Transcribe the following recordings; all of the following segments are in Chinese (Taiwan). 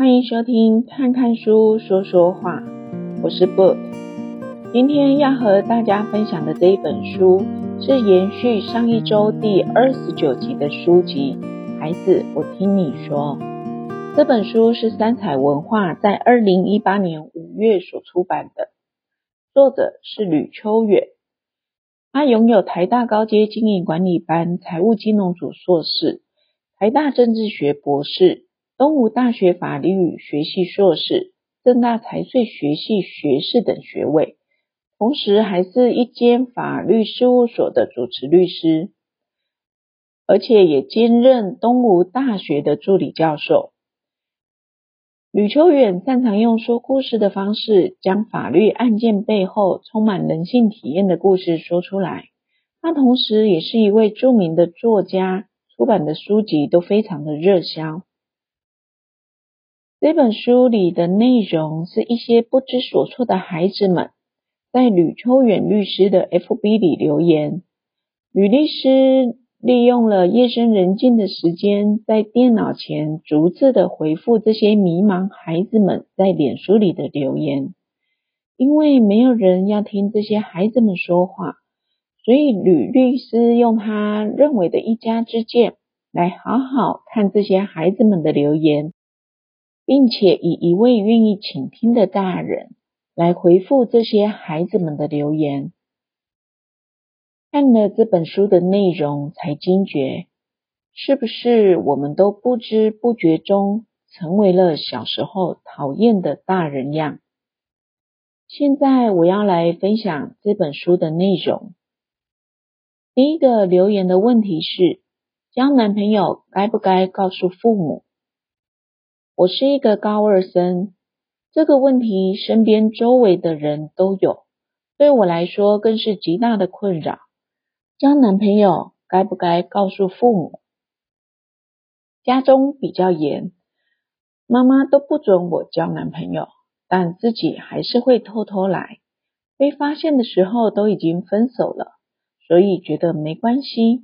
歡迎收聽《看看書說說話》，我是 Book。今天要和大家分享的這一本書，是延續上一周第二十九集的書籍《孩子，我聽你說》。這本書是三采文化在二零一八年五月所出版的，作者是呂秋遠。他擁有台大高階經營管理班財務金融組碩士、台大政治學博士。東吳大學法律學系碩士、政大財稅學系學士等學位，同時還是一間法律事務所的主持律師，而且也兼任東吳大學的助理教授。呂秋遠擅長用說故事的方式，將法律案件背後充滿人性體驗的故事說出來。他同時也是一位著名的作家，出版的書籍都非常的熱銷。這本書裡的內容是一些不知所措的孩子們在呂秋遠律師的 FB 裡留言。呂律師利用了夜深人靜的時間，在電腦前逐字的回復這些迷茫孩子們在臉書裡的留言。因為沒有人要聽這些孩子們說話，所以呂律師用他認為的一家之見來好好看這些孩子們的留言。並且以一位願意傾聽的大人來回覆這些孩子們的留言。看了這本書的內容，才驚覺，是不是我們都不知不覺中成為了小時候討厭的大人樣？現在我要來分享這本書的內容。第一個留言的問題是：交男朋友該不該告訴父母？我是一個高二生，這個問題身邊周圍的人都有，對我來說更是極大的困擾。交男朋友該不該告訴父母？家中比較嚴，媽媽都不准我交男朋友，但自己還是會偷偷來，被發現的時候都已經分手了，所以覺得沒關係。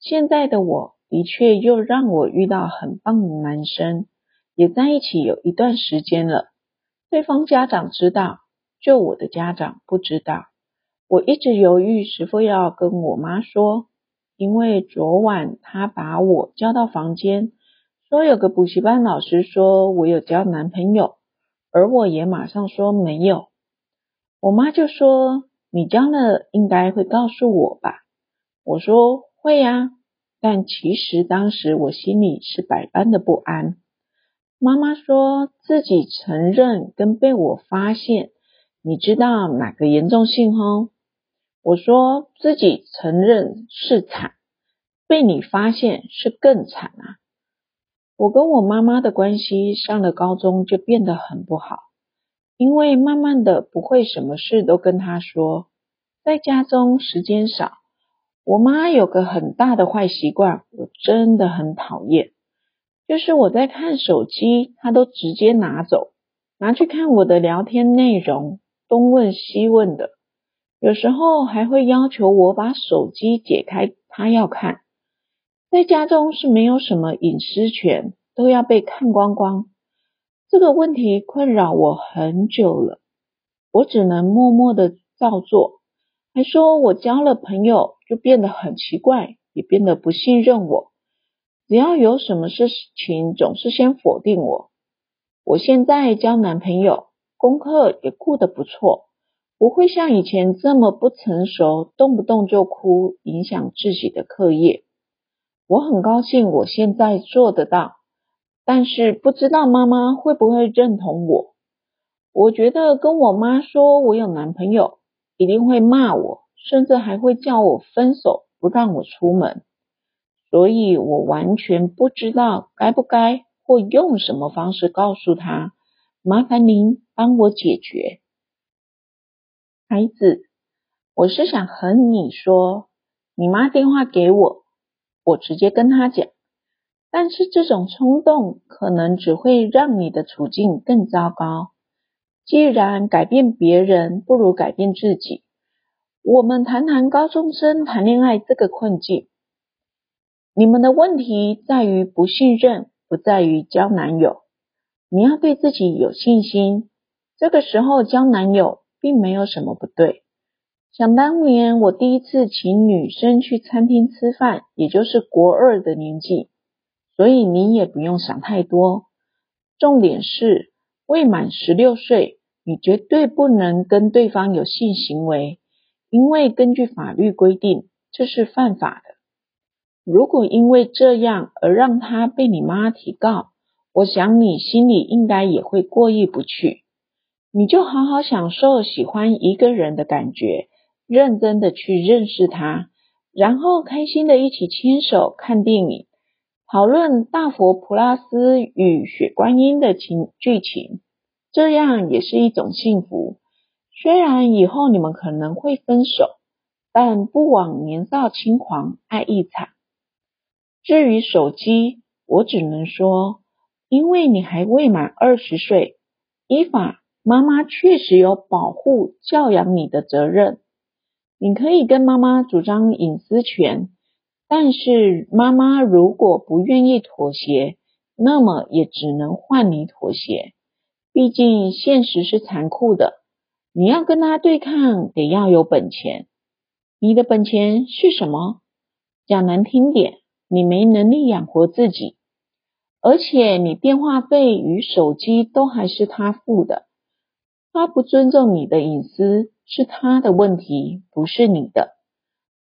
現在的我的確又讓我遇到很棒的男生。也在一起有一段時間了，對方家長知道，就我的家長不知道。我一直猶豫是否要跟我媽說，因為昨晚她把我叫到房間，說有個補習班老師說我有交男朋友，而我也馬上說沒有。我媽就說：“你交了，應該會告訴我吧？”我說：“會呀。”但其實當時我心裡是百般的不安。媽媽說，自己承認跟被我發現，你知道那個嚴重性齁？我說，自己承認是慘，被你發現是更慘啊！我跟我媽媽的關係上了高中就變得很不好，因為慢慢的不會什麼事都跟她說，在家中時間少。我媽有個很大的壞習慣，我真的很討厭。就是我在看手機，他都直接拿走，拿去看我的聊天內容，東問西問的。有時候還會要求我把手機解開，他要看。在家中是沒有什麼隱私權，都要被看光光。這個問題困擾我很久了，我只能默默的照做，還說我交了朋友就變得很奇怪，也變得不信任我。只要有什麼事情，總是先否定我。我現在交男朋友，功課也顧得不錯，不會像以前這麼不成熟，動不動就哭，影響自己的課業。我很高興我現在做得到，但是不知道媽媽會不會認同我。我覺得跟我媽說我有男朋友，一定會罵我，甚至還會叫我分手，不讓我出門。所以我完全不知道該不該或用什麼方式告訴她。麻煩您幫我解決。孩子，我是想和你說，你媽電話給我，我直接跟她講，但是這種衝動可能只會讓你的處境更糟糕。既然改變別人不如改變自己，我們談談高中生談戀愛這個困境。你們的問題在於不信任，不在於交男友。你要對自己有信心。這個時候交男友並沒有什麼不對。想當年我第一次請女生去餐廳吃飯，也就是國二的年紀，所以你也不用想太多。重點是未滿十六歲，你絕對不能跟對方有性行為，因為根據法律規定，這是犯法的。如果因為這樣而讓他被你媽媽提告，我想你心裡應該也會過意不去。你就好好享受喜歡一個人的感覺，認真的去認識他，然後開心的一起牽手看電影，討論大佛普拉斯與血觀音的情劇情，這樣也是一種幸福。雖然以後你們可能會分手，但不枉年少輕狂愛一場。至於手機，我只能說，因為你還未滿二十歲，依法媽媽確實有保護教養你的責任。你可以跟媽媽主張隱私權，但是媽媽如果不願意妥協，那麼也只能換你妥協。畢竟現實是殘酷的，你要跟她對抗得要有本錢。你的本錢是什麼？講難聽點。你沒能力養活自己，而且你電話費與手機都還是他付的。他不尊重你的隱私，是他的問題，不是你的。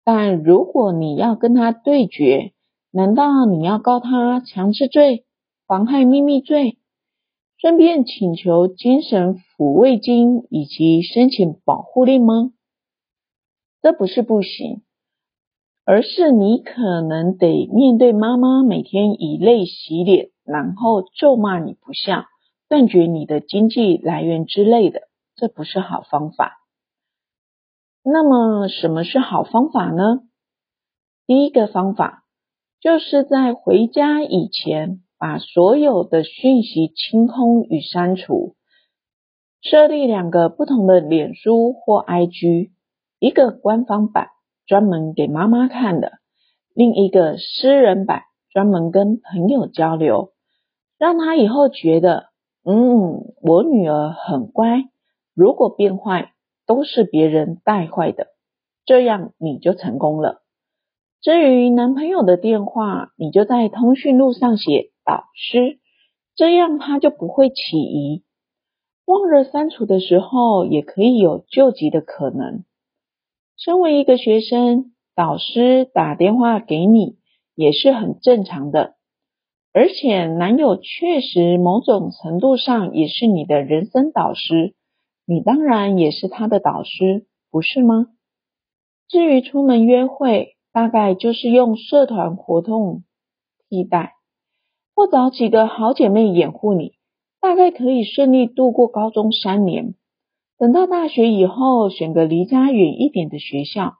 但如果你要跟他對決，難道你要告他強制罪、妨害秘密罪，順便請求精神撫慰金以及申請保護令嗎？這不是不行。而是你可能得面對媽媽每天以淚洗臉，然後咒罵你不孝，斷絕你的經濟來源之類的，這不是好方法。那麼什麼是好方法呢？第一個方法就是在回家以前把所有的訊息清空與刪除，設立兩個不同的臉書或 IG，一個官方版。專門給媽媽看的，另一個私人版，專門跟朋友交流，讓他以後覺得，嗯，我女兒很乖，如果變壞，都是別人帶壞的，這樣你就成功了。至於男朋友的電話，你就在通訊錄上寫導師，這樣他就不會起疑。忘了刪除的時候，也可以有救急的可能。身為一個學生，導師打電話給你也是很正常的。而且男友確實某種程度上也是你的人生導師，你當然也是他的導師，不是嗎？至於出門約會，大概就是用社團活動替代，或找幾個好姐妹掩護你，大概可以順利度過高中三年。等到大學以後，選個離家遠一點的學校。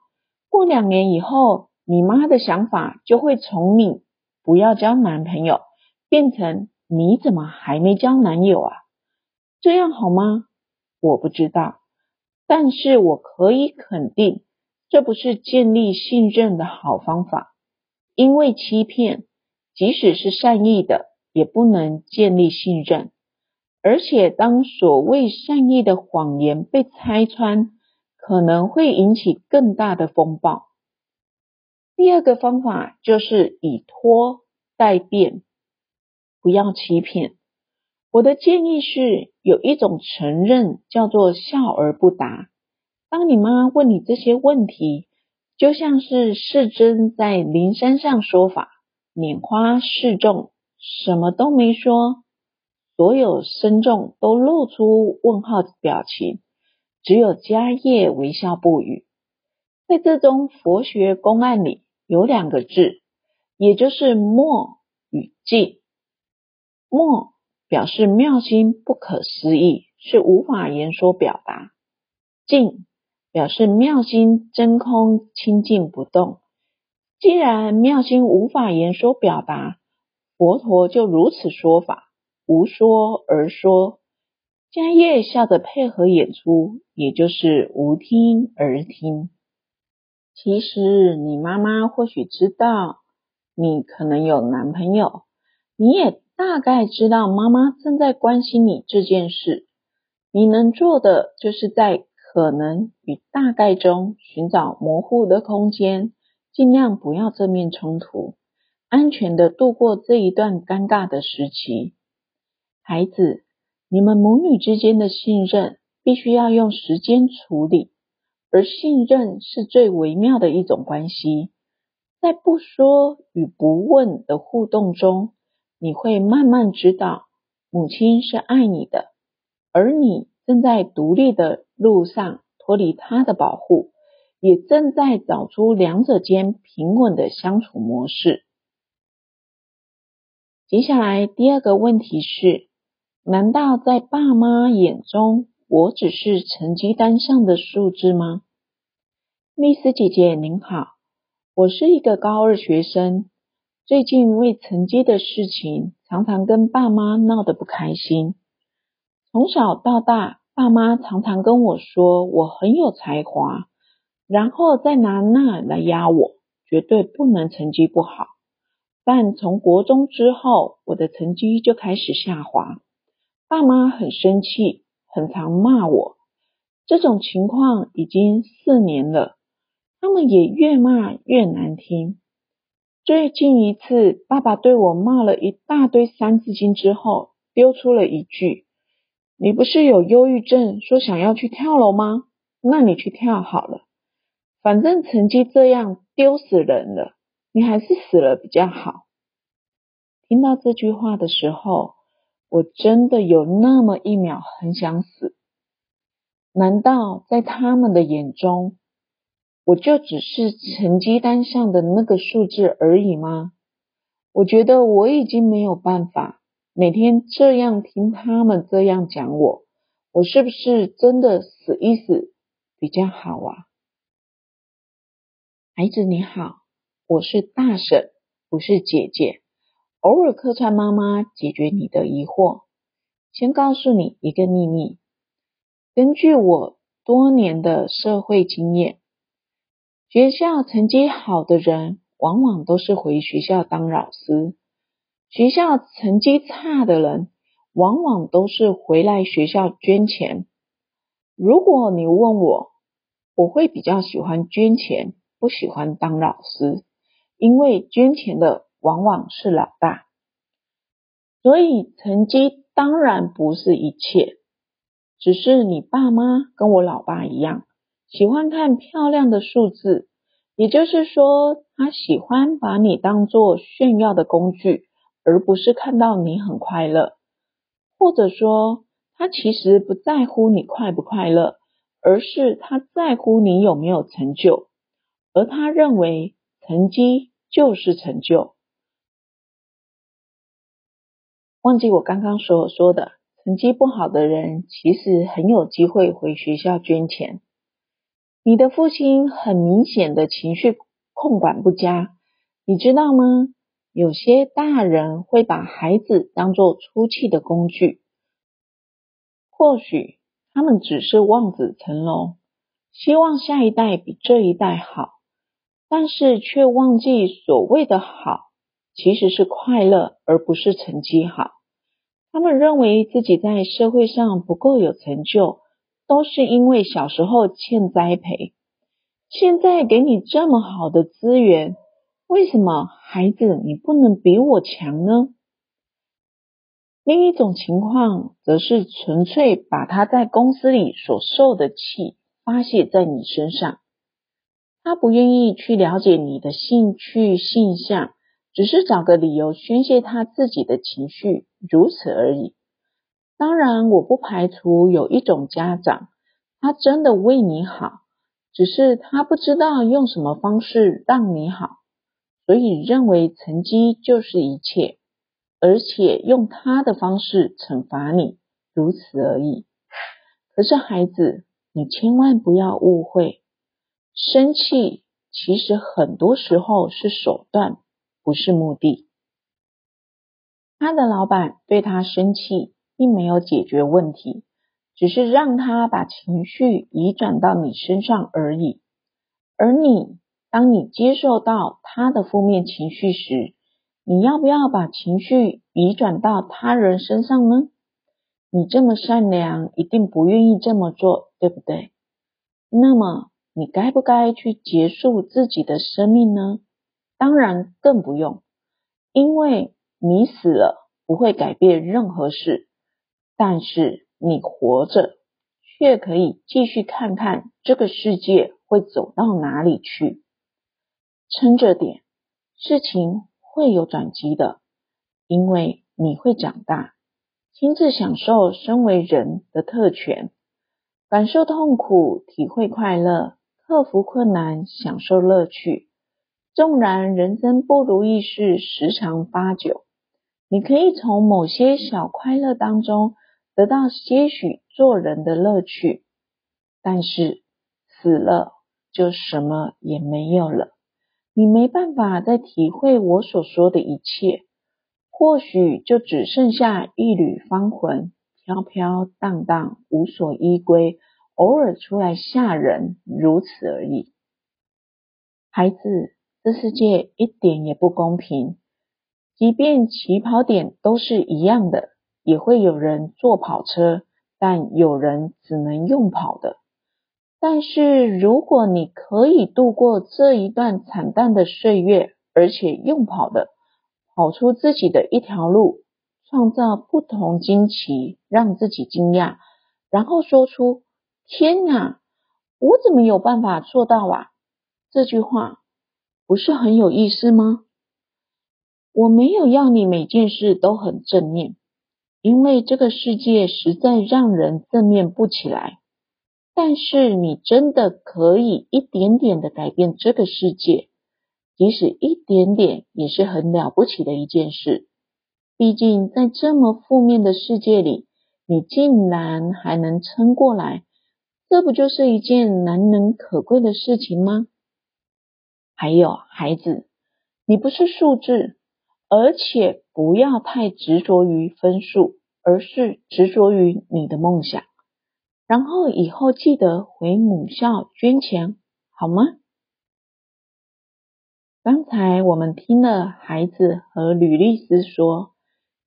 過兩年以後，你媽的想法就會從你不要交男朋友，變成你怎麼還沒交男友啊？這樣好嗎？我不知道，但是我可以肯定，這不是建立信任的好方法，因為欺騙，即使是善意的，也不能建立信任。而且，當所謂善意的謊言被拆穿，可能會引起更大的風暴。第二個方法就是以拖待變，不要欺騙。我的建議是，有一種承認叫做笑而不答。當你媽媽問你這些問題，就像是釋尊在靈山上說法，拈花示眾，什麼都沒說。所有僧眾都露出問號的表情，只有迦葉微笑不語。在這宗佛學公案裡，有兩個字，也就是“默”與“靜”。“默”表示妙心不可思議，是無法言說表達；“靜”表示妙心真空清淨不動。既然妙心無法言說表達，佛陀就如此說法。無說而說，假意笑着配合演出，也就是無聽而聽。其實你媽媽或許知道你可能有男朋友，你也大概知道媽媽正在關心你這件事。你能做的就是在可能與大概中尋找模糊的空間，儘量不要正面衝突，安全的度過這一段尷尬的時期。孩子，你們母女之間的信任必須要用時間處理，而信任是最微妙的一種關係。在不說與不問的互動中，你會慢慢知道母親是愛你的，而你正在獨立的路上脫離她的保護，也正在找出兩者間平穩的相處模式。接下來第二個問題是。難道在爸媽眼中，我只是成績單上的數字嗎？Miss 姐姐您好，我是一個高二學生，最近為成績的事情，常常跟爸媽鬧得不開心。從小到大，爸媽常常跟我說我很有才華，然後再拿那來壓我，絕對不能成績不好。但從國中之後，我的成績就開始下滑。爸媽很生氣，很常罵我。這種情況已經四年了，他們也越罵越難聽。最近一次，爸爸對我罵了一大堆《三字經》之後，丟出了一句：“你不是有憂鬱症，說想要去跳樓嗎？那你去跳好了，反正成績這樣丟死人了，你還是死了比較好。”聽到這句話的時候，我真的有那麼一秒很想死。難道在他們的眼中，我就只是成績單上的那個數字而已嗎？我覺得我已經沒有辦法，每天這樣聽他們這樣講我，我是不是真的死一死比較好啊？孩子你好，我是大嬸，不是姐姐。偶爾客串媽媽，解決你的疑惑。先告訴你一個秘密：根據我多年的社會經驗，學校成績好的人，往往都是回學校當老師；學校成績差的人，往往都是回來學校捐錢。如果你問我，我會比較喜歡捐錢，不喜歡當老師，因為捐錢的。往往是老大，所以成績當然不是一切，只是你爸媽跟我老爸一樣，喜歡看漂亮的數字，也就是說，他喜歡把你當作炫耀的工具，而不是看到你很快樂，或者說，他其實不在乎你快不快樂，而是他在乎你有沒有成就，而他認為成績就是成就。忘記我剛剛所說的，成績不好的人其實很有機會回學校捐錢。你的父親很明顯的情緒控管不佳，你知道嗎？有些大人會把孩子當作出氣的工具，或許他們只是望子成龍，希望下一代比這一代好，但是卻忘記所謂的好。其實是快樂，而不是成績好。他們認為自己在社會上不夠有成就，都是因為小時候欠栽培。現在給你這麼好的資源，為什麼孩子你不能比我強呢？另一種情況，則是純粹把他在公司裡所受的氣發泄在你身上。他不願意去了解你的興趣、性向。只是找個理由宣洩他自己的情緒，如此而已。當然，我不排除有一種家長，他真的為你好，只是他不知道用什麼方式讓你好，所以認為成績就是一切，而且用他的方式懲罰你，如此而已。可是孩子，你千萬不要誤會，生氣其實很多時候是手段。不是目的。他的老板對他生氣，並沒有解決問題，只是讓他把情緒移轉到你身上而已。而你，當你接受到他的負面情緒時，你要不要把情緒移轉到他人身上呢？你這麼善良，一定不願意這麼做，對不對？那麼，你該不該去結束自己的生命呢？當然更不用，因為你死了不會改變任何事，但是你活着，卻可以繼續看看這個世界會走到哪裡去。撐着點，事情會有轉機的，因為你會長大，親自享受身為人的特權，感受痛苦，體會快樂，克服困難，享受樂趣。縱然人生不如意事十常八九，你可以從某些小快樂當中得到些許做人的樂趣，但是死了就什麼也沒有了，你沒辦法再體會我所說的一切，或許就只剩下一縷芳魂，飄飄蕩蕩，無所依歸，偶爾出來嚇人，如此而已，孩子。這世界一點也不公平，即便起跑點都是一樣的，也會有人坐跑車，但有人只能用跑的。但是如果你可以度過這一段慘淡的歲月，而且用跑的，跑出自己的一條路，創造不同驚奇，讓自己驚訝，然後說出“天哪，我怎麼有辦法做到啊？”這句話。不是很有意思嗎？我沒有要你每件事都很正面，因為這個世界實在讓人正面不起來。但是你真的可以一點點的改變這個世界，即使一點點也是很了不起的一件事。畢竟在這麼負面的世界裡，你竟然還能撐過來，這不就是一件難能可貴的事情嗎？還有孩子，你不是數字，而且不要太執着於分數，而是執着於你的夢想。然後以後記得回母校捐錢，好嗎？剛才我們聽了孩子和呂律師說，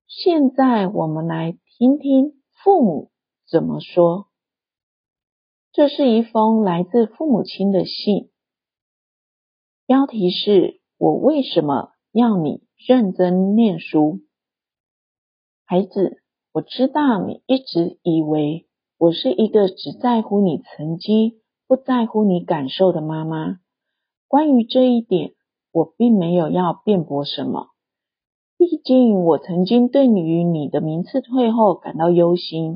現在我們來聽聽父母怎麼說。這是一封來自父母親的信。標題是「我為什麼要你認真念書？孩子，我知道你一直以為我是一個只在乎你成績、不在乎你感受的媽媽。關於這一點，我並沒有要辯駁什麼。畢竟，我曾經對於你的名次退後感到憂心，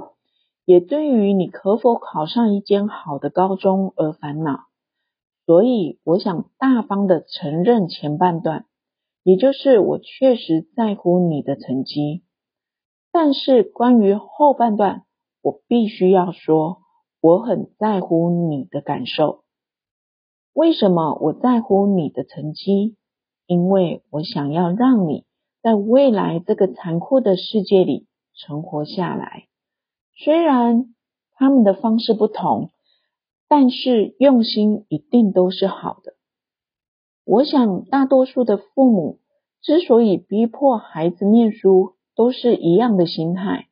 也對於你可否考上一間好的高中而煩惱。所以，我想大方的承認前半段，也就是我確實在乎你的成績。但是，關於後半段，我必須要說，我很在乎你的感受。為什麼我在乎你的成績？因為我想要讓你在未來這個殘酷的世界裡存活下來。雖然他們的方式不同。但是用心一定都是好的。我想大多數的父母之所以逼迫孩子念書，都是一樣的心態。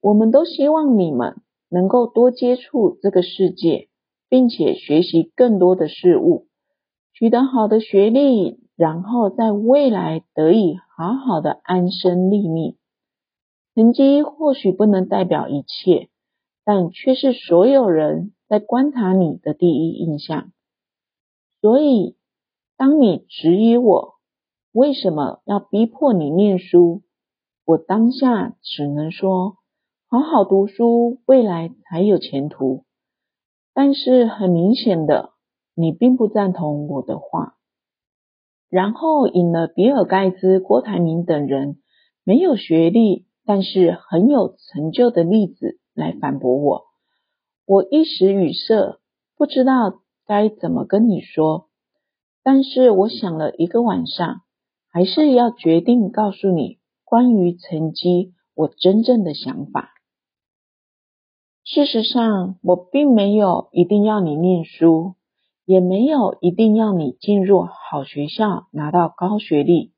我們都希望你們能夠多接觸這個世界，並且學習更多的事物，取得好的學歷，然後在未來得以好好的安身立命。成績或許不能代表一切，但卻是所有人。在觀察你的第一印象，所以當你質疑我為什麼要逼迫你念書，我當下只能說好好讀書，未來才有前途。但是很明顯的，你並不贊同我的話，然後引了比爾蓋茨、郭台銘等人，沒有學歷，但是很有成就的例子來反駁我。我一時語塞，不知道該怎麼跟你說。但是我想了一個晚上，還是要決定告訴你關於成績我真正的想法。事實上，我並沒有一定要你念書，也沒有一定要你進入好學校拿到高學歷。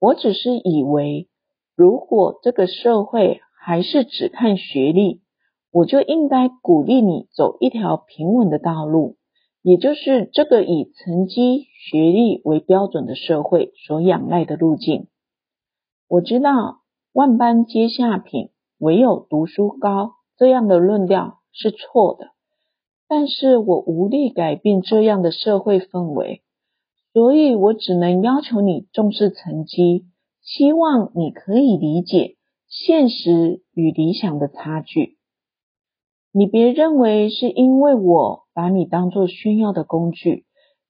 我只是以為，如果這個社會還是只看學歷，我就應該鼓勵你走一條平穩的道路，也就是這個以成績、學歷為標準的社會所仰賴的路徑。我知道“萬般皆下品，唯有讀書高”這樣的論調是錯的，但是我無力改變這樣的社會氛圍，所以我只能要求你重視成績，希望你可以理解現實與理想的差距。你別認為是因為我把你當作炫耀的工具，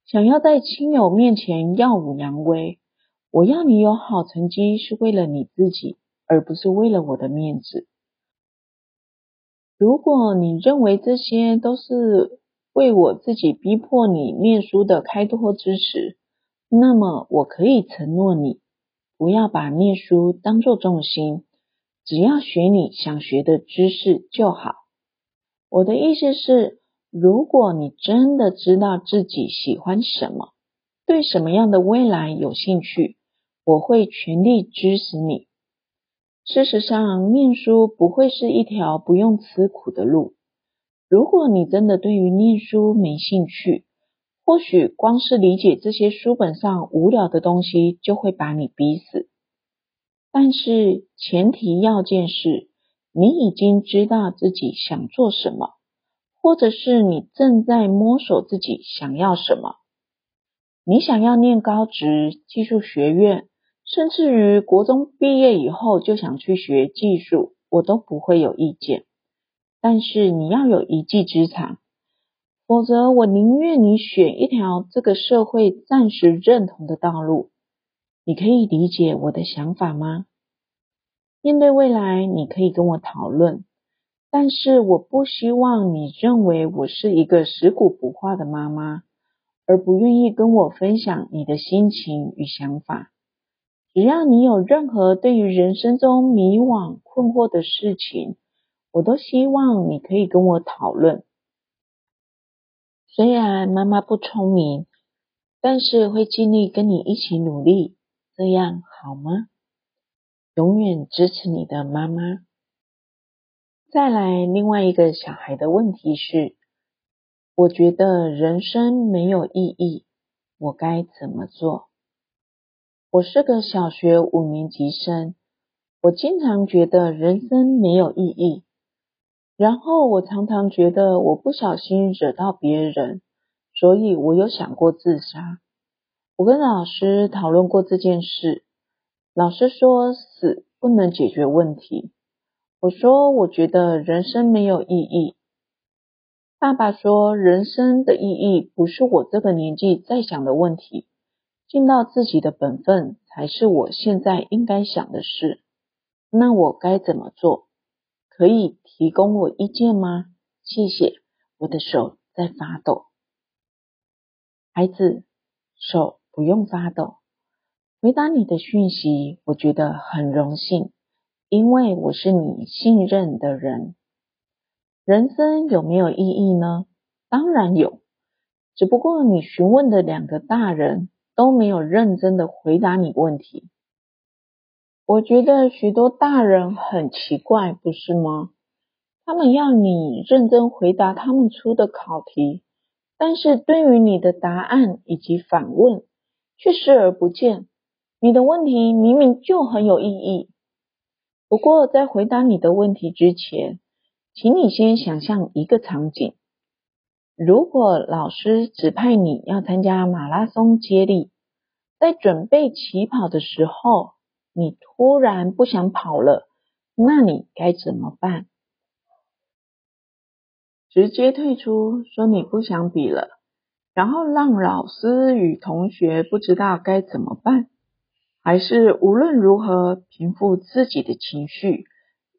想要在親友面前耀武揚威。我要你有好成績是為了你自己，而不是為了我的面子。如果你認為這些都是為我自己逼迫你念書的開脫支持，那麼我可以承諾你，不要把念書當作重心，只要學你想學的知識就好。我的意思是，如果你真的知道自己喜歡什麼，對什麼樣的未來有興趣，我會全力支持你。事實上，念書不會是一條不用吃苦的路。如果你真的對於念書沒興趣，或許光是理解這些書本上無聊的東西，就會把你逼死。但是前提要件是，你已經知道自己想做什麼，或者是你正在摸索自己想要什麼。你想要念高職、技術學院，甚至於國中畢業以後就想去學技術，我都不會有意見。但是你要有一技之長，否則我寧願你選一條這個社會暫時認同的道路。你可以理解我的想法嗎？面對未來，你可以跟我討論，但是我不希望你認為我是一個食古不化的媽媽，而不願意跟我分享你的心情與想法。只要你有任何對於人生中迷惘困惑的事情，我都希望你可以跟我討論。雖然媽媽不聰明，但是會盡力跟你一起努力，這樣好嗎？永遠支持你的媽媽。再來，另外一個小孩的問題是，我覺得人生沒有意義，我該怎麼做？我是個小學五年級生，我經常覺得人生沒有意義，然後我常常覺得我不小心惹到別人，所以我有想過自殺。我跟老師討論過這件事。老師說死不能解決問題。我說我覺得人生沒有意義。爸爸說人生的意義不是我這個年紀在想的問題，盡到自己的本分才是我現在應該想的事。那我該怎麼做？可以提供我意見嗎？謝謝。我的手在發抖。孩子，手不用發抖。回答你的訊息，我覺得很榮幸，因為我是你信任的人。人生有沒有意義呢？當然有，只不過你詢問的兩個大人都沒有認真的回答你問題。我覺得許多大人很奇怪，不是嗎？他們要你認真回答他們出的考題，但是對於你的答案以及反問，卻視而不見。你的問題明明就很有意義，不過在回答你的問題之前，請你先想象一個場景：如果老師指派你要參加馬拉松接力，在準備起跑的時候，你突然不想跑了，那你該怎麼辦？直接退出，說你不想比了，然後讓老師與同學不知道該怎麼辦。還是無論如何平復自己的情緒，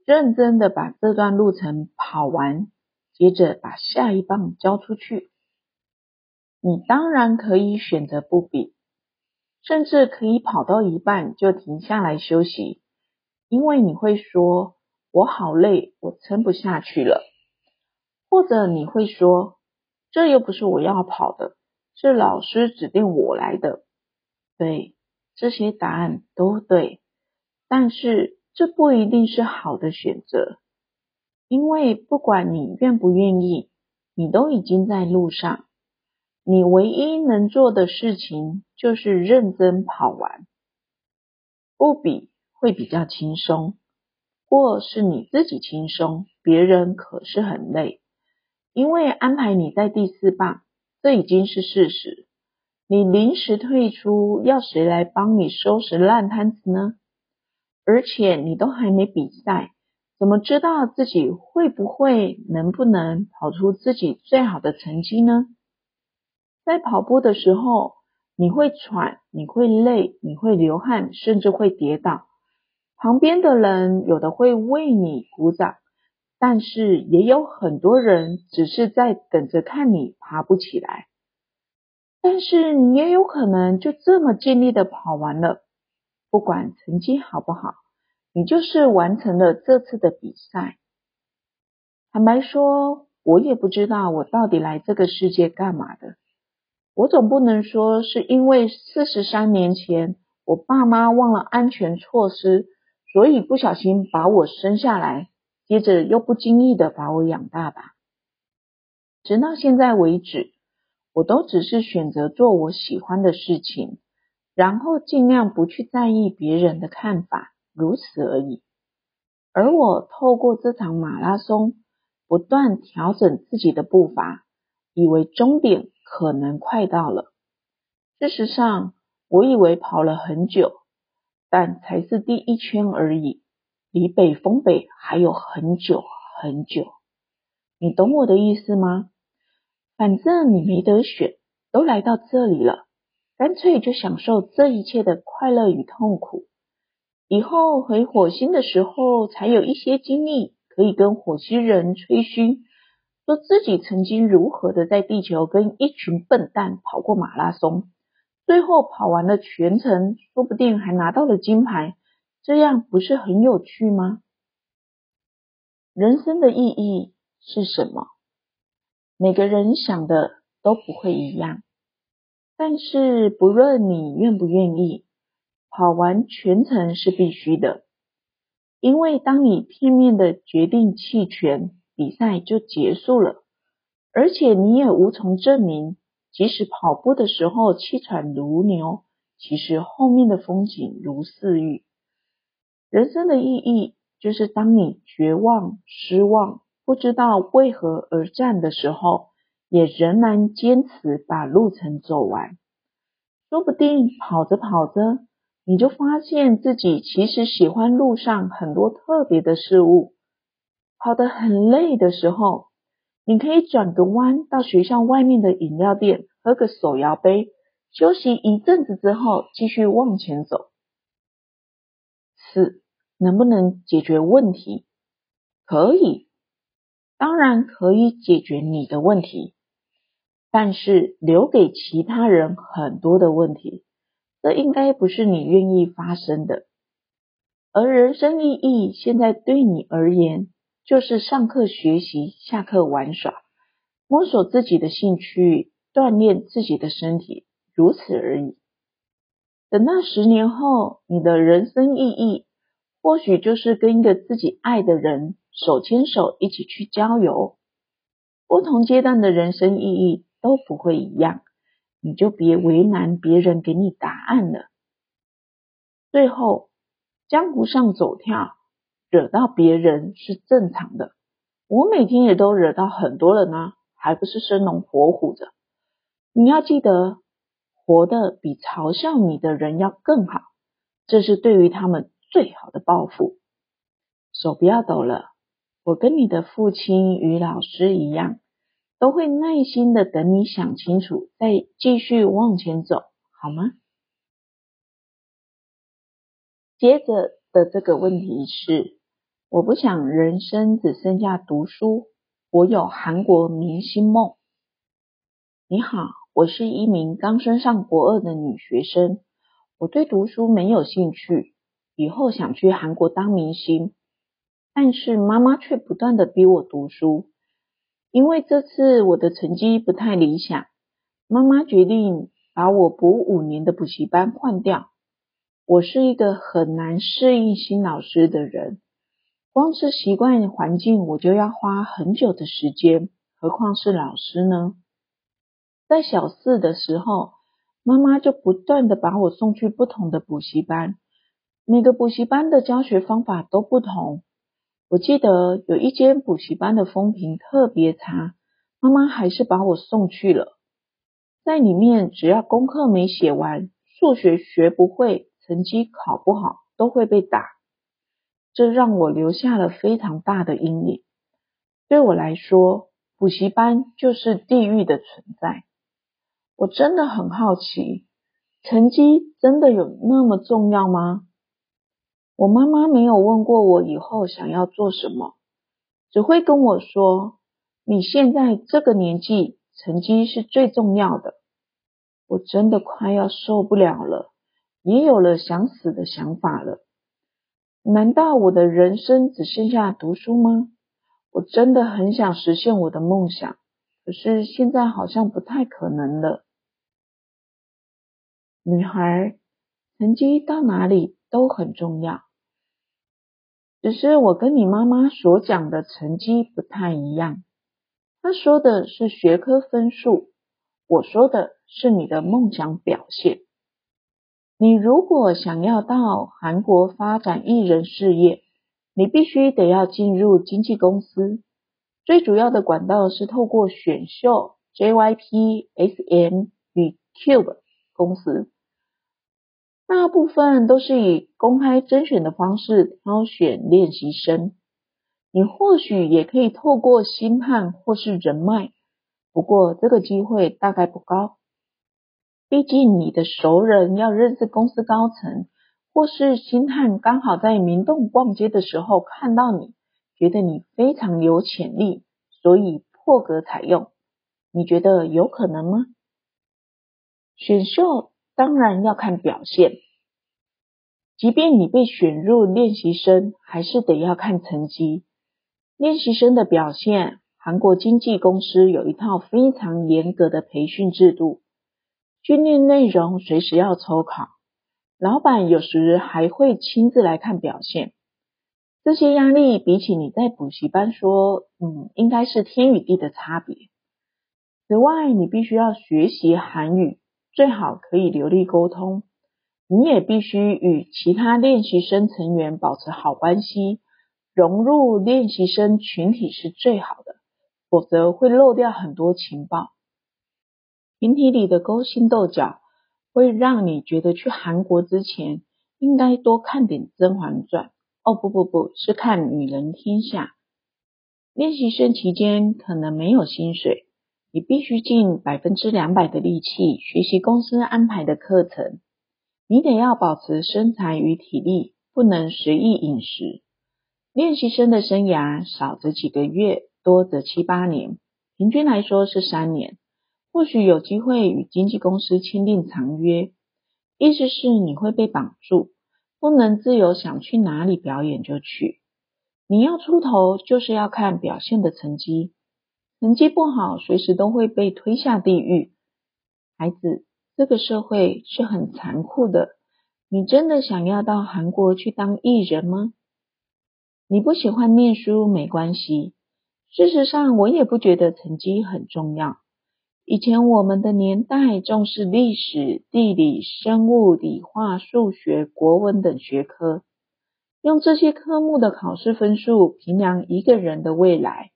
認真的把這段路程跑完，接着把下一棒交出去。你當然可以選擇不比，甚至可以跑到一半就停下來休息，因為你會說：“我好累，我撐不下去了。”或者你會說：“這又不是我要跑的，是老師指定我來的。”對。這些答案都對，但是這不一定是好的選擇，因為不管你願不願意，你都已經在路上，你唯一能做的事情就是認真跑完。不比會比較輕鬆，或是你自己輕鬆，別人可是很累，因為安排你在第四棒，這已經是事實。你臨時退出，要誰來幫你收拾爛攤子呢？而且你都還沒比賽，怎麼知道自己會不會、能不能跑出自己最好的成績呢？在跑步的時候，你會喘，你會累，你會流汗，甚至會跌倒。旁邊的人有的會為你鼓掌，但是也有很多人只是在等着看你爬不起來。但是你也有可能就這麼盡力的跑完了，不管成績好不好，你就是完成了這次的比賽。坦白說，我也不知道我到底來這個世界幹嘛的。我總不能說是因為四十三年前我爸媽忘了安全措施，所以不小心把我生下來，接着又不經意的把我養大吧。直到現在為止。我都只是選擇做我喜歡的事情，然後盡量不去在意別人的看法，如此而已。而我透過這場馬拉松，不斷調整自己的步伐，以為終點可能快到了。事實上，我以為跑了很久，但才是第一圈而已，離北風北還有很久很久。你懂我的意思嗎？反正你沒得選，都來到這裡了，乾脆就享受這一切的快樂與痛苦。以後回火星的時候，才有一些經歷可以跟火星人吹噓，說自己曾經如何的在地球跟一群笨蛋跑過馬拉松，最後跑完了全程，說不定還拿到了金牌，這樣不是很有趣嗎？人生的意義是什麼？每個人想的都不會一樣，但是不論你願不願意，跑完全程是必須的。因為當你片面的決定棄權，比賽就結束了，而且你也無從證明，即使跑步的時候氣喘如牛，其實後面的風景如似玉。人生的意義就是當你絕望、失望，不知道為何而戰的時候，也仍然堅持把路程走完。說不定跑着跑着，你就發現自己其實喜歡路上很多特別的事物。跑得很累的時候，你可以轉個彎到學校外面的飲料店，喝個手搖杯，休息一陣子之後繼續往前走。四，能不能解決問題？可以。當然可以解決你的問題，但是留給其他人很多的問題，這應該不是你願意發生的。而人生意義現在對你而言，就是上課學習、下課玩耍、摸索自己的興趣、鍛鍊自己的身體，如此而已。等到十年後，你的人生意義或許就是跟一個自己愛的人。手牽手一起去郊遊，不同階段的人生意義都不會一樣，你就別為難別人給你答案了。最後，江湖上走跳，惹到別人是正常的，我每天也都惹到很多人呢，還不是生龍活虎的？你要記得，活得比嘲笑你的人要更好，這是對於他們最好的報復。手不要抖了。我跟你的父親與老師一樣，都會耐心地等你想清楚，再繼續往前走，好嗎？接着的這個問題是：我不想人生只剩下讀書，我有韓國明星夢。你好，我是一名剛升上國二的女學生，我對讀書沒有興趣，以後想去韓國當明星。但是媽媽卻不斷的逼我讀書，因為這次我的成績不太理想，媽媽決定把我補五年的補習班換掉。我是一個很難適應新老師的人，光是習慣環境我就要花很久的時間，何況是老師呢？在小四的時候，媽媽就不斷的把我送去不同的補習班，每個補習班的教學方法都不同。我記得有一間補習班的風評特別差，媽媽還是把我送去了。在裡面，只要功課沒寫完、數學學不會、成績考不好，都會被打。這讓我留下了非常大的陰影。對我來說，補習班就是地獄的存在。我真的很好奇，成績真的有那麼重要嗎？我媽媽沒有問過我以後想要做什麼，只會跟我說：“你現在這個年紀，成績是最重要的。”我真的快要受不了了，也有了想死的想法了。難道我的人生只剩下讀書嗎？我真的很想實現我的夢想，可是現在好像不太可能了。女孩，成績到哪裡都很重要。只是我跟你媽媽所講的成績不太一樣，她說的是學科分數，我說的是你的夢想表現。你如果想要到韓國發展藝人事業，你必須得要進入經紀公司，最主要的管道是透過選秀 JYP、SM 與 Cube 公司。大部分都是以公開甄選的方式挑選練習生，你或許也可以透過星探或是人脈，不過這個機會大概不高。畢竟你的熟人要認識公司高層，或是星探剛好在明洞逛街的時候看到你，覺得你非常有潛力，所以破格採用。你覺得有可能嗎？選秀。當然要看表現，即便你被選入練習生，還是得要看成績。練習生的表現，韓國經紀公司有一套非常嚴格的培訓制度，訓練內容隨時要抽考，老板有時還會親自來看表現。這些壓力比起你在補習班說，嗯，應該是天與地的差別。此外，你必須要學習韓語。最好可以流利溝通，你也必須與其他練習生成員保持好關係，融入練習生群體是最好的，否則會漏掉很多情報。群體裡的勾心鬥角會讓你覺得去韓國之前應該多看點《甄嬛傳》，哦，不不不，是看《女人天下》。練習生期間可能沒有薪水。你必須盡百分之兩百的力氣學習公司安排的課程，你得要保持身材與體力，不能隨意飲食。練習生的生涯少則幾個月，多則七八年，平均來說是三年。或許有機會與經紀公司簽訂長約，意思是你會被綁住，不能自由想去哪裡表演就去。你要出頭，就是要看表現的成績。成績不好，隨時都會被推下地獄。孩子，這個社會是很殘酷的。你真的想要到韓國去當藝人嗎？你不喜歡念書沒關係。事實上，我也不覺得成績很重要。以前我們的年代重視歷史、地理、生物、理化、數學、國文等學科，用這些科目的考試分數衡量一個人的未來。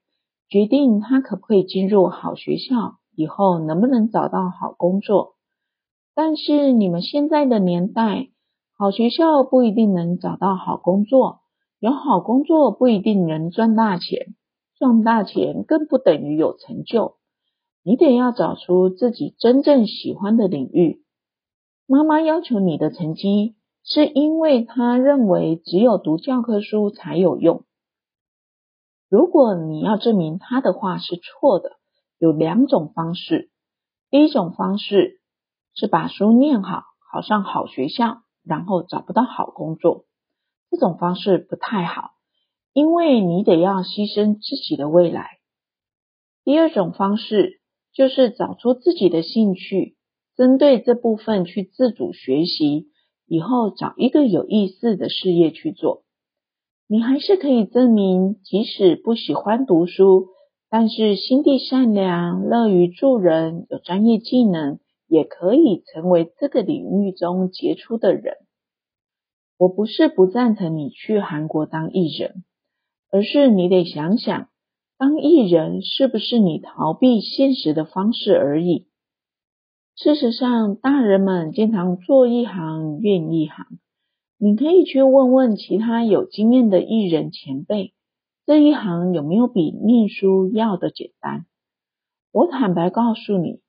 決定他可不可以進入好學校，以後能不能找到好工作。但是你們現在的年代，好學校不一定能找到好工作，有好工作不一定能賺大錢，賺大錢更不等於有成就。你得要找出自己真正喜歡的領域。媽媽要求你的成績，是因為她認為只有讀教科書才有用。如果你要證明他的話是錯的，有兩種方式。第一種方式是把書念好，考上好學校，然後找不到好工作。這種方式不太好，因為你得要犧牲自己的未來。第二種方式就是找出自己的興趣，針對這部分去自主學習，以後找一個有意思的事業去做。你還是可以證明，即使不喜歡讀書，但是心地善良、樂於助人、有專業技能，也可以成為這個領域中傑出的人。我不是不贊成你去韓國當藝人，而是你得想想，當藝人是不是你逃避現實的方式而已？事實上，大人們經常做一行，怨一行。你可以去問問其他有經驗的藝人前輩，這一行有沒有比念書要的簡單？我坦白告訴你，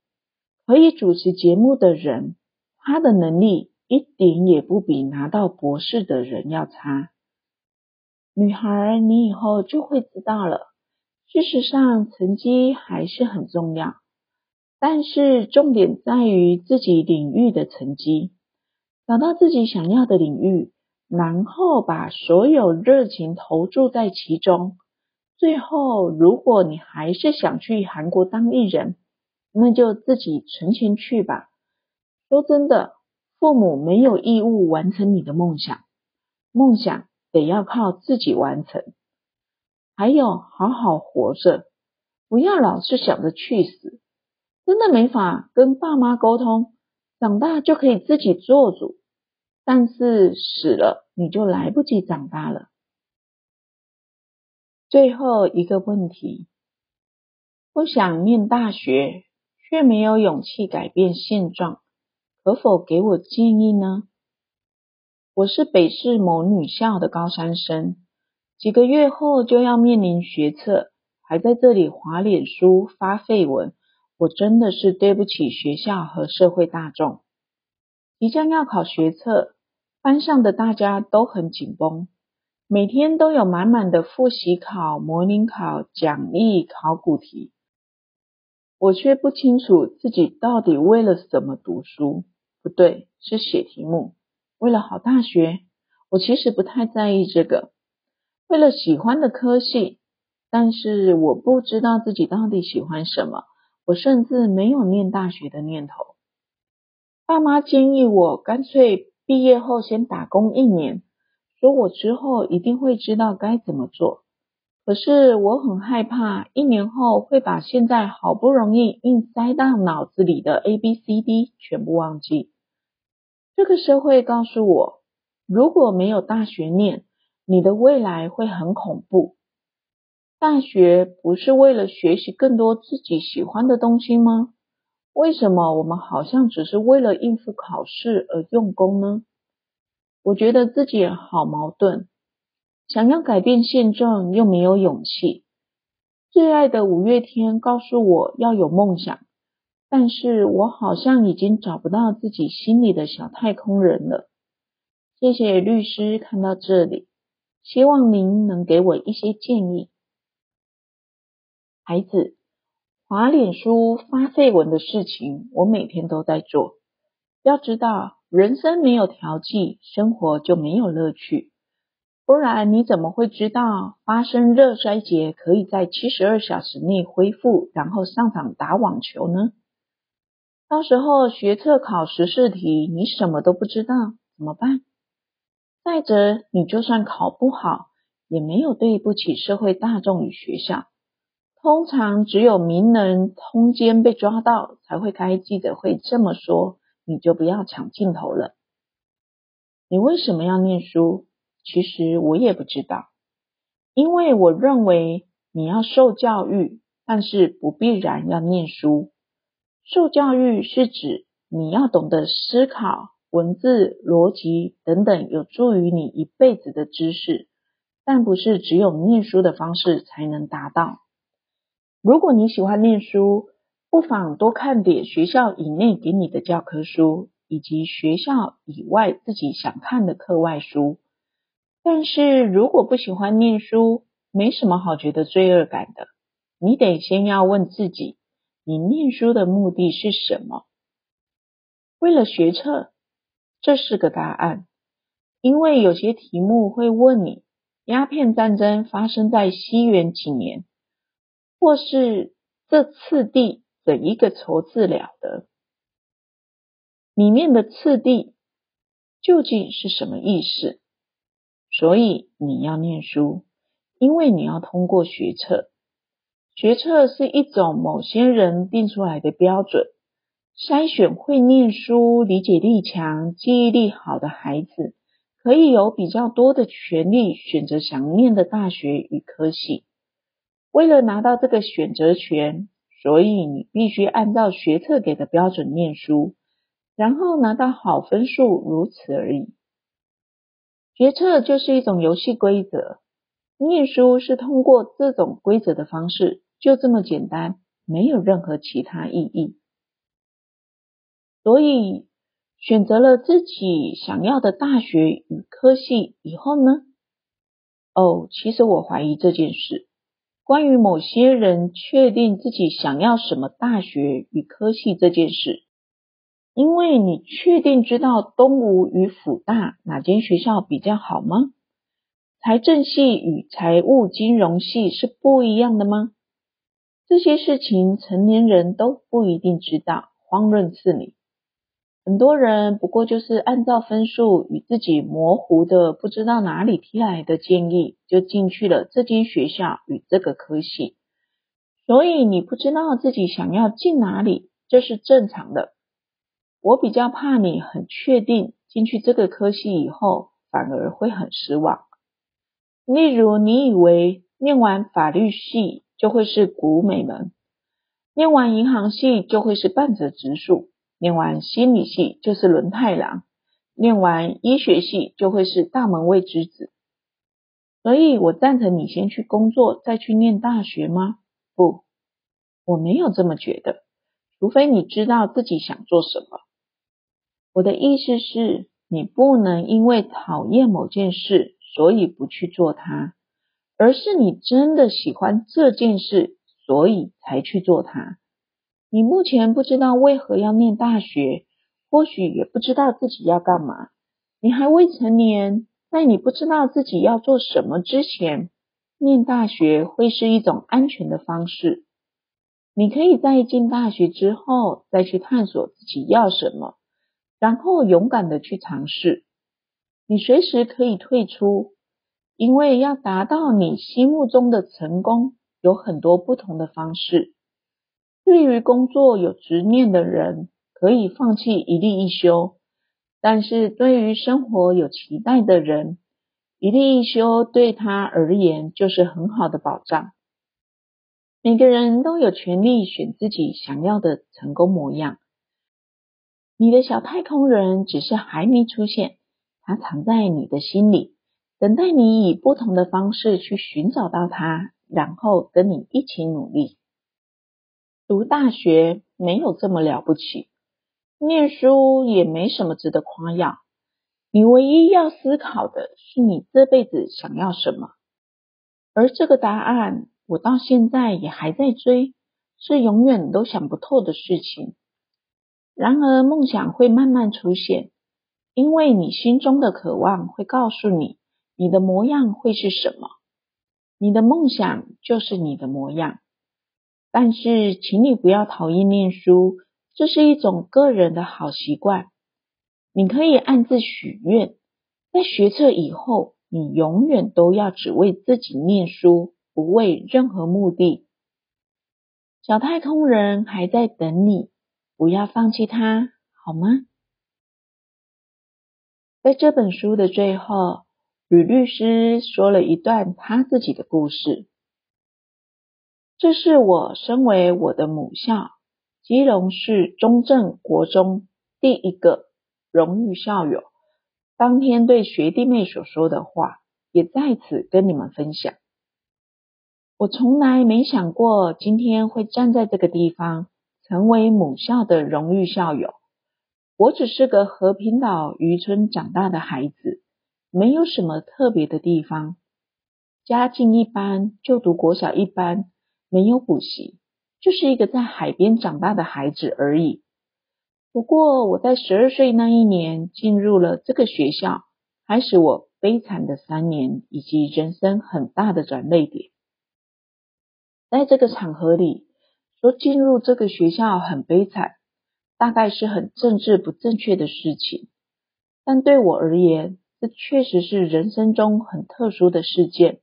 可以主持節目的人，他的能力一點也不比拿到博士的人要差。女孩，你以後就會知道了。事實上，成績還是很重要，但是重點在於自己領域的成績。找到自己想要的領域，然後把所有熱情投注在其中。最後，如果你還是想去韓國當藝人，那就自己存錢去吧。說真的，父母沒有義務完成你的夢想，夢想得要靠自己完成。還有，好好活着，不要老是想着去死。真的沒法跟爸媽溝通，長大就可以自己做主。但是死了，你就來不及長大了。最後一個問題：不想念大學，卻沒有勇氣改變現狀，可否給我建議呢？我是北市某女校的高三生，幾個月後就要面臨學測，還在這裡滑臉書發廢文，我真的是對不起學校和社會大眾。即將要考學測。班上的大家都很緊繃，每天都有滿滿的複習考、模擬考、講義考古題。我卻不清楚自己到底為了什麼讀書，不對，是寫題目。為了好大學，我其實不太在意這個。為了喜歡的科系，但是我不知道自己到底喜歡什麼，我甚至沒有念大學的念頭。爸媽建議我乾脆。畢業後先打工一年，說我之後一定會知道該怎麼做。可是我很害怕，一年後會把現在好不容易硬塞到腦子裡的 A、B、C、D 全部忘記。這個社會告訴我，如果沒有大學念，你的未來會很恐怖。大學不是為了學習更多自己喜歡的東西嗎？為什麼我們好像只是為了應付考試而用功呢？我覺得自己好矛盾，想要改變現狀又沒有勇氣。最愛的五月天告訴我要有夢想，但是我好像已經找不到自己心裡的小太空人了。謝謝律師看到這裡，希望您能給我一些建議。孩子。滑臉書發廢文的事情，我每天都在做。要知道，人生沒有調劑，生活就沒有樂趣。不然你怎麼會知道發生熱衰竭可以在七十二小時內恢復，然後上場打網球呢？到時候學測考時事題，你什麼都不知道怎麼辦？再者，你就算考不好，也沒有對不起社會大眾與學校。通常只有名人通姦被抓到才會開記者會這麼說，你就不要搶鏡頭了。你為什麼要念書？其實我也不知道，因為我認為你要受教育，但是不必然要念書。受教育是指你要懂得思考、文字、邏輯等等有助於你一輩子的知識，但不是只有念書的方式才能達到。如果你喜歡念書，不妨多看點學校以內給你的教科書，以及學校以外自己想看的課外書。但是如果不喜歡念書，沒什麼好覺得罪惡感的。你得先要問自己，你念書的目的是什麼？為了學測，這是個答案。因為有些題目會問你，鴉片戰爭發生在西元幾年？或是這次第怎一個愁字了得，裡面的次第究竟是什麼意思？所以你要念書，因為你要通過學測。學測是一種某些人定出來的標準，篩選會念書、理解力強、記憶力好的孩子，可以有比較多的權利選擇想念的大學與科系。為了拿到這個選擇權，所以你必須按照學測給的標準念書，然後拿到好分數，如此而已。學測就是一種遊戲規則，念書是通過這種規則的方式，就這麼簡單，沒有任何其他意義。所以選擇了自己想要的大學與科系以後呢？哦，其實我懷疑這件事。關於某些人確定自己想要什麼大學與科系這件事，因為你確定知道東吳與輔大哪間學校比較好嗎？財政系與財務金融系是不一樣的嗎？這些事情成年人都不一定知道，遑論是你。很多人不過就是按照分數與自己模糊的不知道哪裡聽來的建議，就進去了這間學校與這個科系，所以你不知道自己想要進哪裡，這是正常的。我比較怕你很確定進去這個科系以後，反而會很失望。例如你以為念完法律系就會是古美門，念完銀行系就會是半澤直樹。念完心理系就是倫太郎，念完醫學系就會是大門未知子。所以我贊成你先去工作，再去念大學嗎？不，我沒有這麼覺得。除非你知道自己想做什麼。我的意思是，你不能因為討厭某件事，所以不去做它，而是你真的喜歡這件事，所以才去做它。你目前不知道為何要念大學，或許也不知道自己要幹嘛。你還未成年，在你不知道自己要做什麼之前，念大學會是一種安全的方式。你可以在進大學之後再去探索自己要什麼，然後勇敢的去嘗試。你隨時可以退出，因為要達到你心目中的成功，有很多不同的方式。對於工作有執念的人，可以放棄一例一休；但是對於生活有期待的人，一例一休對他而言就是很好的保障。每個人都有權利選自己想要的成功模樣。你的小太空人只是還沒出現，他藏在你的心裡，等待你以不同的方式去尋找到他，然後跟你一起努力。讀大學沒有這麼了不起，念書也沒什麼值得誇耀。你唯一要思考的是你這輩子想要什麼，而這個答案我到現在也還在追，是永遠都想不透的事情。然而夢想會慢慢出現，因為你心中的渴望會告訴你，你的模樣會是什麼。你的夢想就是你的模樣。但是，請你不要討厭念書，這是一種個人的好習慣。你可以暗自許願，在學測以後，你永遠都要只為自己念書，不為任何目的。小太空人還在等你，不要放棄他，好嗎？在這本書的最後，呂律師說了一段他自己的故事。這是我身為我的母校基隆市中正國中第一個榮譽校友，當天對學弟妹所說的話，也在此跟你們分享。我從來沒想過今天會站在這個地方，成為母校的榮譽校友。我只是個和平島漁村長大的孩子，沒有什麼特別的地方，家境一般，就讀國小一班。沒有補習，就是一個在海邊長大的孩子而已。不過，我在十二歲那一年進入了這個學校，還使我悲慘的三年以及人生很大的轉捩點。在這個場合裡說進入這個學校很悲慘，大概是很政治不正確的事情。但對我而言，這確實是人生中很特殊的事件。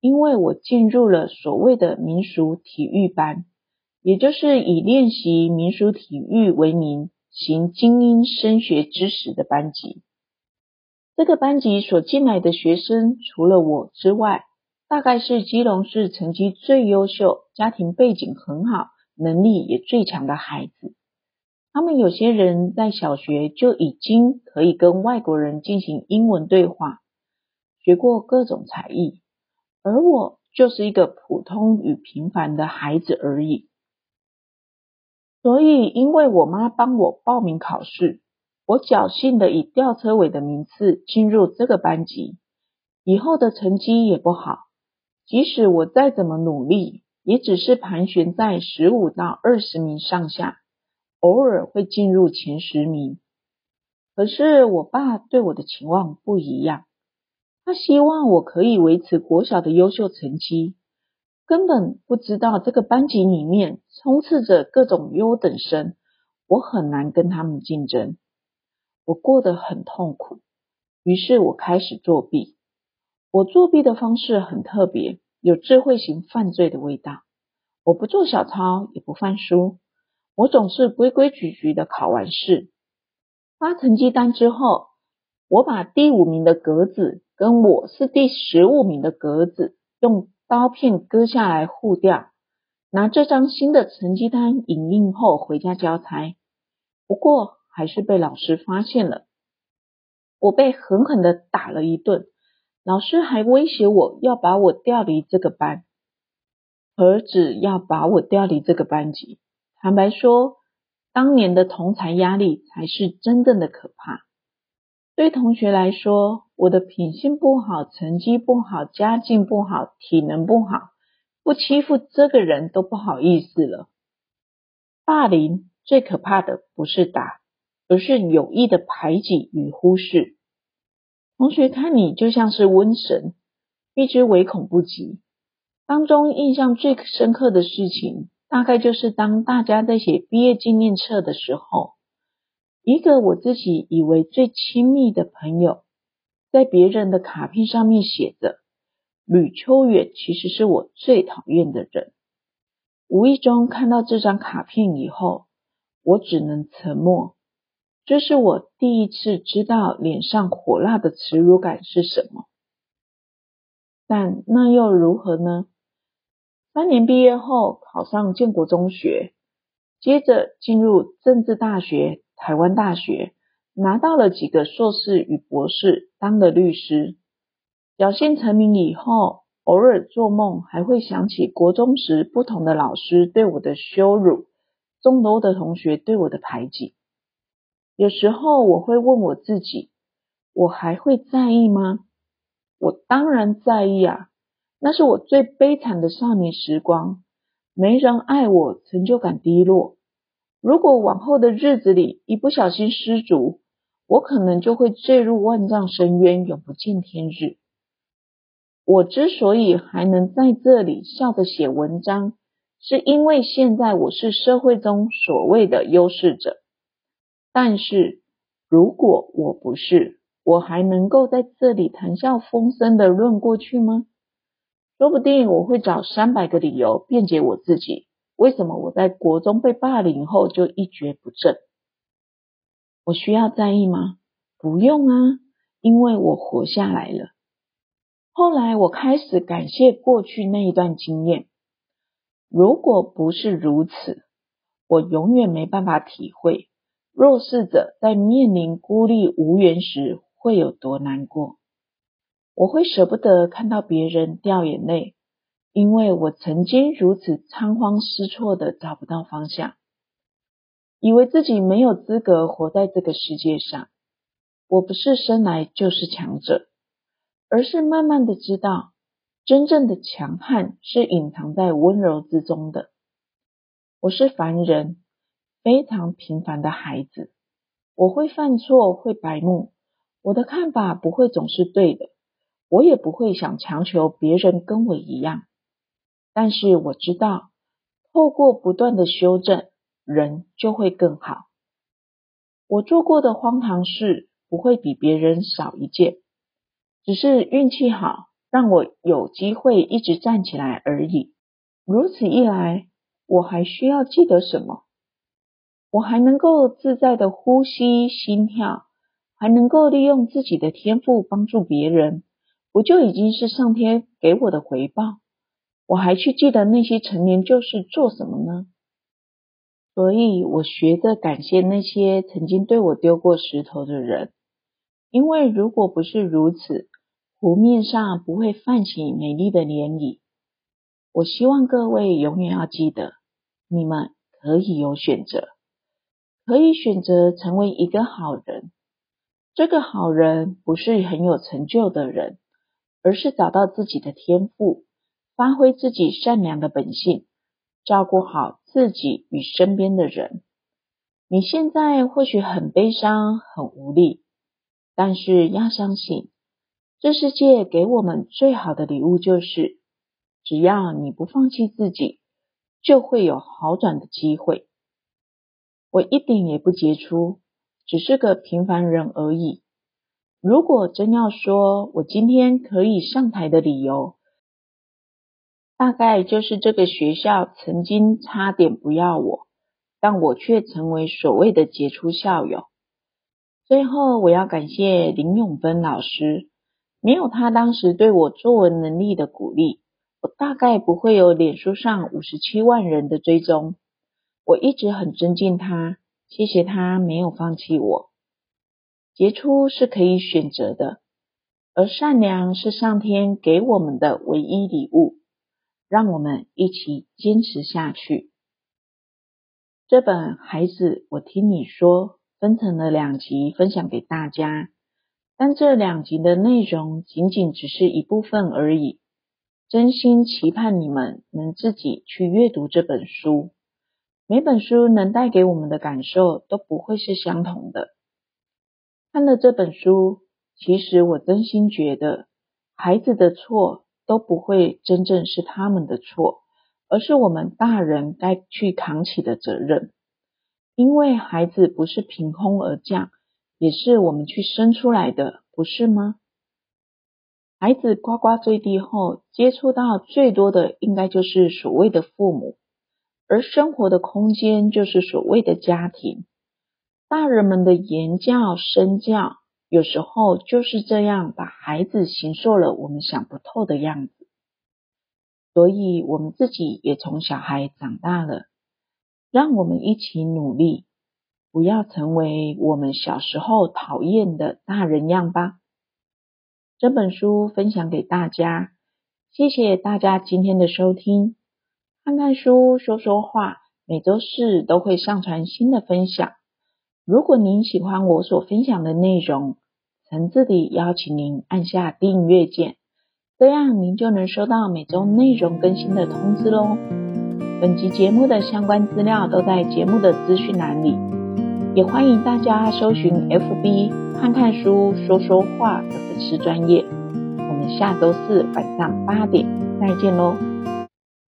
因為我進入了所謂的民俗體育班，也就是以練習民俗體育為名，行精英升學之實的班級。這個班級所進來的學生，除了我之外，大概是基隆市成績最優秀、家庭背景很好、能力也最強的孩子。他們有些人在小學就已經可以跟外國人進行英文對話，學過各種才藝。而我就是一個普通與平凡的孩子而已，所以因為我媽幫我報名考試，我僥倖的以吊車尾的名次進入這個班級，以後的成績也不好，即使我再怎麼努力，也只是盤旋在十五到二十名上下，偶爾會進入前十名。可是我爸對我的期望不一樣。他希望我可以維持國小的優秀成績，根本不知道這個班級裡面充斥着各種優等生，我很難跟他們競爭，我過得很痛苦。於是我開始作弊。我作弊的方式很特別，有智慧型犯罪的味道。我不做小抄，也不翻書，我總是規規矩矩的考完試。發成績單之後，我把第五名的格子跟我是第十五名的格子用刀片割下來糊掉，拿這張新的成績單影印後回家交差。不過還是被老師發現了，我被狠狠的打了一頓，老師還威脅我要把我調離這個班，兒子要把我調離這個班級。坦白說，當年的同儕壓力才是真正的可怕。對同學來說，我的品性不好，成績不好，家境不好，體能不好，不欺負這個人都不好意思了。霸凌最可怕的不是打，而是有意的排擠與忽視。同學看你就像是瘟神，避之唯恐不及。當中印象最深刻的事情，大概就是當大家在寫畢業紀念冊的時候。一個我自己以為最親密的朋友，在別人的卡片上面寫着“呂秋遠其實是我最討厭的人”。無意中看到這張卡片以後，我只能沉默。這是我第一次知道臉上火辣的恥辱感是什麼。但那又如何呢？三年畢業後，考上建國中學，接着進入政治大學。台灣大學拿到了幾個碩士與博士，當了律師，表現成名以後，偶爾做夢還會想起國中時不同的老師對我的羞辱，眾多的同學對我的排擠。有時候我會問我自己，我還會在意嗎？我當然在意啊，那是我最悲慘的少年時光，沒人愛我，成就感低落。如果往後的日子裡一不小心失足，我可能就會墜入萬丈深淵，永不見天日。我之所以還能在這裡笑着寫文章，是因為現在我是社會中所謂的優勢者。但是，如果我不是，我還能夠在這裡談笑風生的論過去嗎？說不定我會找三百個理由辯解我自己。為什麼我在國中被霸凌後就一蹶不振？我需要在意嗎？不用啊，因為我活下來了。後來我開始感謝過去那一段經驗。如果不是如此，我永遠沒辦法體會弱勢者在面臨孤立無援時會有多難過。我會捨不得看到別人掉眼淚。因為我曾經如此倉皇失措的找不到方向，以為自己沒有資格活在這個世界上。我不是生來就是強者，而是慢慢的知道，真正的強悍是隱藏在溫柔之中的。我是凡人，非常平凡的孩子，我會犯錯，會白目，我的看法不會總是對的，我也不會想強求別人跟我一樣。但是我知道，透過不斷的修正，人就會更好。我做過的荒唐事不會比別人少一件，只是運氣好，讓我有機會一直站起來而已。如此一來，我還需要記得什麼？我還能夠自在的呼吸心跳，還能夠利用自己的天賦幫助別人，不就已經是上天給我的回報？我還去記得那些陳年舊事做什麼呢？所以我學着感謝那些曾經對我丟過石頭的人，因為如果不是如此，湖面上不會泛起美麗的漣漪。我希望各位永遠要記得，你們可以有選擇，可以選擇成為一個好人。這個好人不是很有成就的人，而是找到自己的天賦。發揮自己善良的本性，照顧好自己與身邊的人。你現在或許很悲傷、很無力，但是要相信，這世界給我們最好的禮物就是，只要你不放棄自己，就會有好轉的機會。我一點也不傑出，只是個平凡人而已。如果真要說我今天可以上台的理由，大概就是這個學校曾經差點不要我，但我卻成為所謂的傑出校友。最後，我要感謝林永芬老師，沒有他當時對我作文能力的鼓勵，我大概不會有臉書上五十七萬人的追蹤。我一直很尊敬他，謝謝他沒有放棄我。傑出是可以選擇的，而善良是上天給我們的唯一禮物。讓我們一起堅持下去。這本孩子，我聽你說分成了兩集分享給大家，但這兩集的內容僅僅只是一部分而已。真心期盼你們能自己去閱讀這本書。每本書能帶給我們的感受都不會是相同的。看了這本書，其實我真心覺得孩子的錯。都不會真正是他們的錯，而是我們大人該去扛起的責任。因為孩子不是憑空而降，也是我們去生出來的，不是嗎？孩子呱呱墜地後，接觸到最多的應該就是所謂的父母，而生活的空間就是所謂的家庭。大人們的言教、身教。有時候就是這樣，把孩子形塑了我們想不透的樣子。所以，我們自己也從小孩長大了。讓我們一起努力，不要成為我們小時候討厭的大人樣吧。這本書分享給大家，謝謝大家今天的收聽。看看書，說說話，每週四都會上傳新的分享。如果您喜歡我所分享的內容，誠摯地邀請您按下訂閱鍵，這樣您就能收到每周內容更新的通知嘍。本集節目的相關資料都在節目的資訊欄裡，也歡迎大家搜尋 FB“ 看看書說說話”的粉絲專頁。我們下周四晚上八點再見嘍。